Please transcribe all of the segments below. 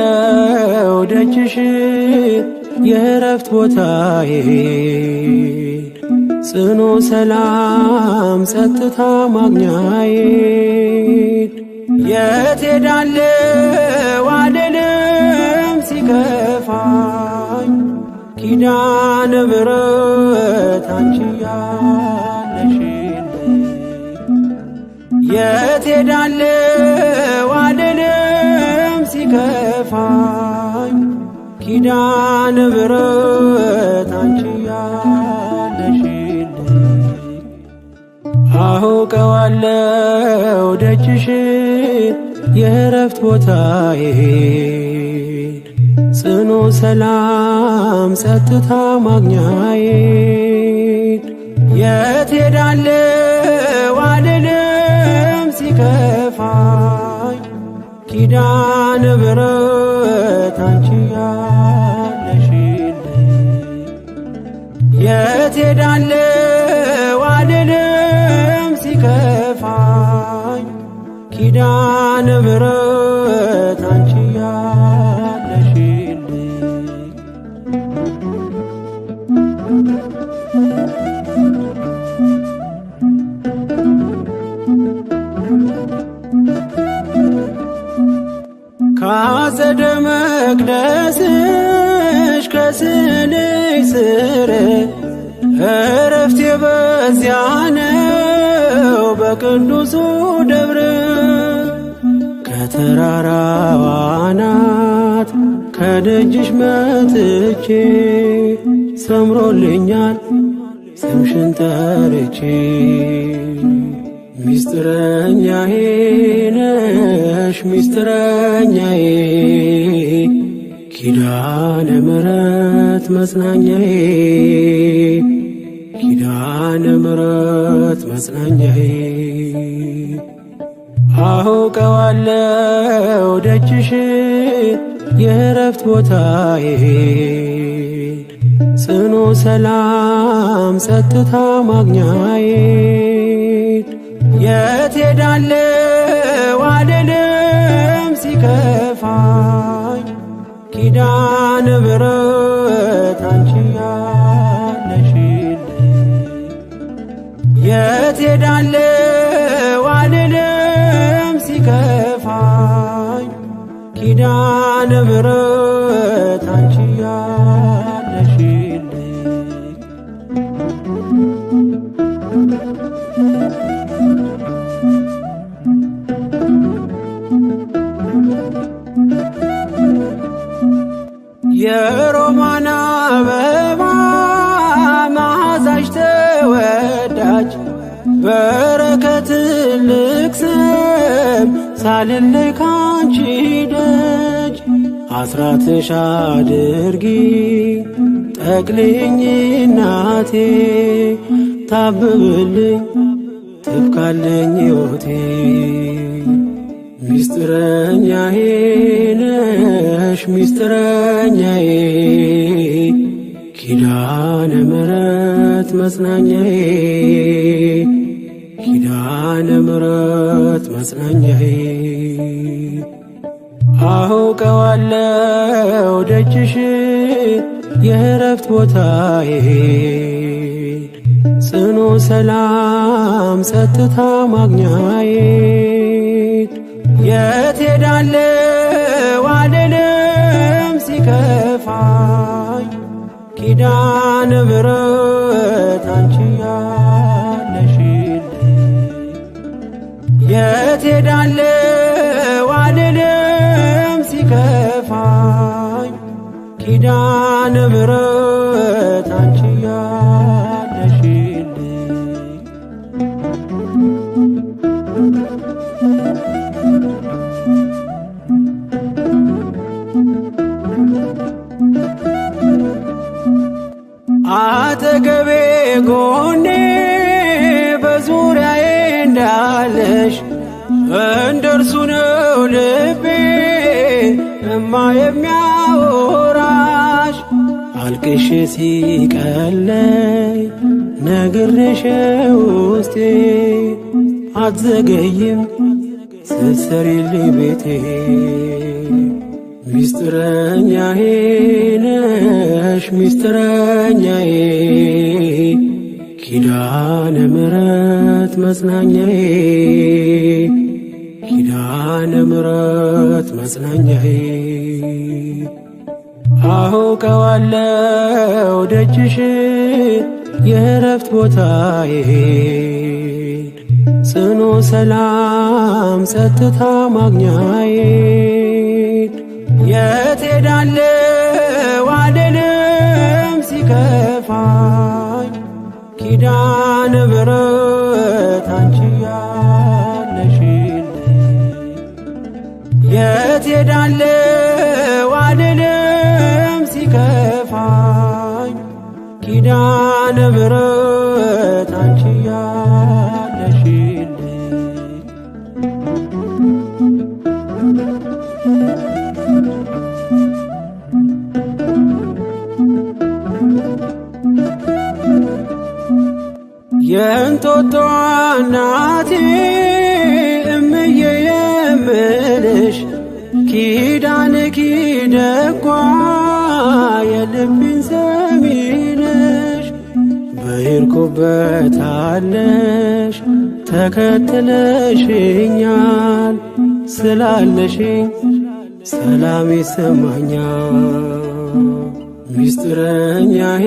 አለው ደጅሽ የእረፍት ቦታዬ ጽኑ ሰላም ጸጥታ ማግኛዬ የት ሄዳለው አልልም ሲከፋኝ ኪዳነ ምሕረት አንቺ ያለሽልኝ የት ሄዳለው አልልም ሲከፋኝ አትጥፋኝ ኪዳነ ምሕረት አንቺ ያለሽልኝ አውቀዋለው ደጅሽ የእረፍት ቦታዬ ጽኑ ሰላም ጸጥታ ማግኛዬ የት ሄዳለው አልልም ሲከፋኝ ኪዳነ ምሕረት አንቺ ያለሽልኝ የት ሄዳለሁ ሲከፋኝ ኪዳነ ምሕረት ማፀደ መቅደስሽ ከስንሽ ስር እረፍቴ በዚያ ነው በቅዱሱ ደብር ከተራራው አናት ከደጅሽ መጥቼ ሰምሮልኛል ስምሽን ጠርቼ ሚስጥረኛዬ ነሽ ሚስጥረኛዬ ኪዳነ ምሕረት መጽናኛዬ ኪዳነ ምሕረት መጽናኛዬ አውቀዋለው ደጅሽ የእረፍት ቦታዬ ጽኑ ሰላም ጸጥታ ማግኛዬ የት ሄዳለሁ አልልም ሲከፋኝ ኪዳነ ምሕረት አንቺ ያለሽልኝ የት ሄዳለሁ አልልም ሲከፋኝ ኪዳነ ምሕረት አንቺ ያለሽልኝ ትልቅ ስም ሳልልክ ደጅ አስራትሽ አድርጊ ጠቅልኝ እናቴ ታብብልኝ ትብካለኝ ወቴ ሚስጥረኛዬ ነሽ ሚስጥረኛዬ ኪዳነ ምሕረት መጽናኛዬ መጽናኛዬ አውቀዋለው ደጅሽ የእረፍት ቦታዬ ጽኑ ሰላም ጸጥታ ማግኛዬ የት ሄዳለው ኪዳነ ምሕረት አንቺ ያለሽልኝ አጠገቤ ጎ ፍቅርሽ ሲቀለይ ነግርሽ ውስጤ አትዘገይም ስትሰሪልኝ ቤቴ ሚስጥረኛዬ ነሽ ሚስጥረኛዬ ኪዳነ ምሕረት መጽናኛዬ ኪዳነ ምሕረት መጽናኛዬ አውቀዋለው ደጅሽ የእረፍት ቦታዬ ጽኑ ሰላም ጸጥታ ማግኛዬ የት ሄዳለው አልልም ሲከፋኝ ኪዳነ ምሕረት አንቺ ያለሽልኝ የት ሄዳለው ንብረት አንቺ ያለሽልኝ የእንጦጦ እናቴ እምዬ የምልሽ ኪዳን ኪደጓ የልብኝ ከሄድኩበታለሽ ተከትለሽኛል ስላለሽኝ ሰላም ይሰማኛል። ሚስጥረኛዬ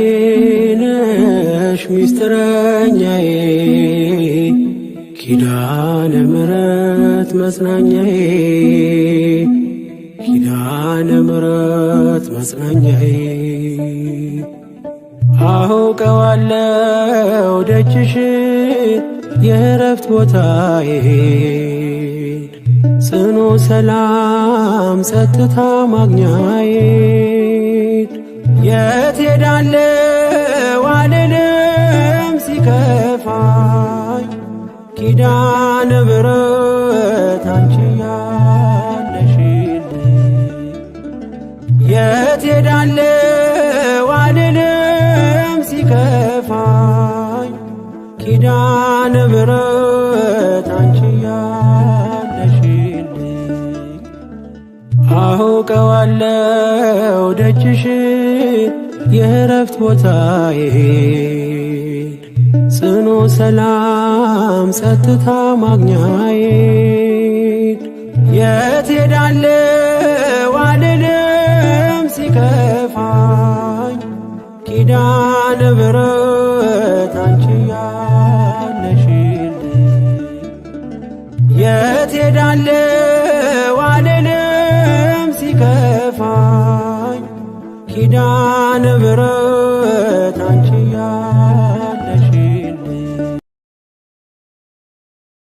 ነሽ ሚስጥረኛዬ ኪዳነ ምሕረት መጽናኛዬ ኪዳነ ምሕረት መጽናኛዬ አውቀዋለው ደጅሽን የእረፍት ቦታዬን ጽኑ ሰላም ጸጥታ ማግኛዬን የት ሄዳለ አልልም ሲከፋኝ ኪዳነ ምሕረት ሲከፋኝ ኪዳነ ምሕረት አንቺ ያለሽልኝ አውቀዋለው ደጅሽን የእረፍት ቦታዬን ጽኑ ሰላም ጸጥታ ማግኛዬን የት ሄዳለ ዋልልም ሲከፋኝ ኪዳ ንብረት አንቺ የት ሄዳለ ዋለልም ሲከፋኝ ኪዳነ ምሕረት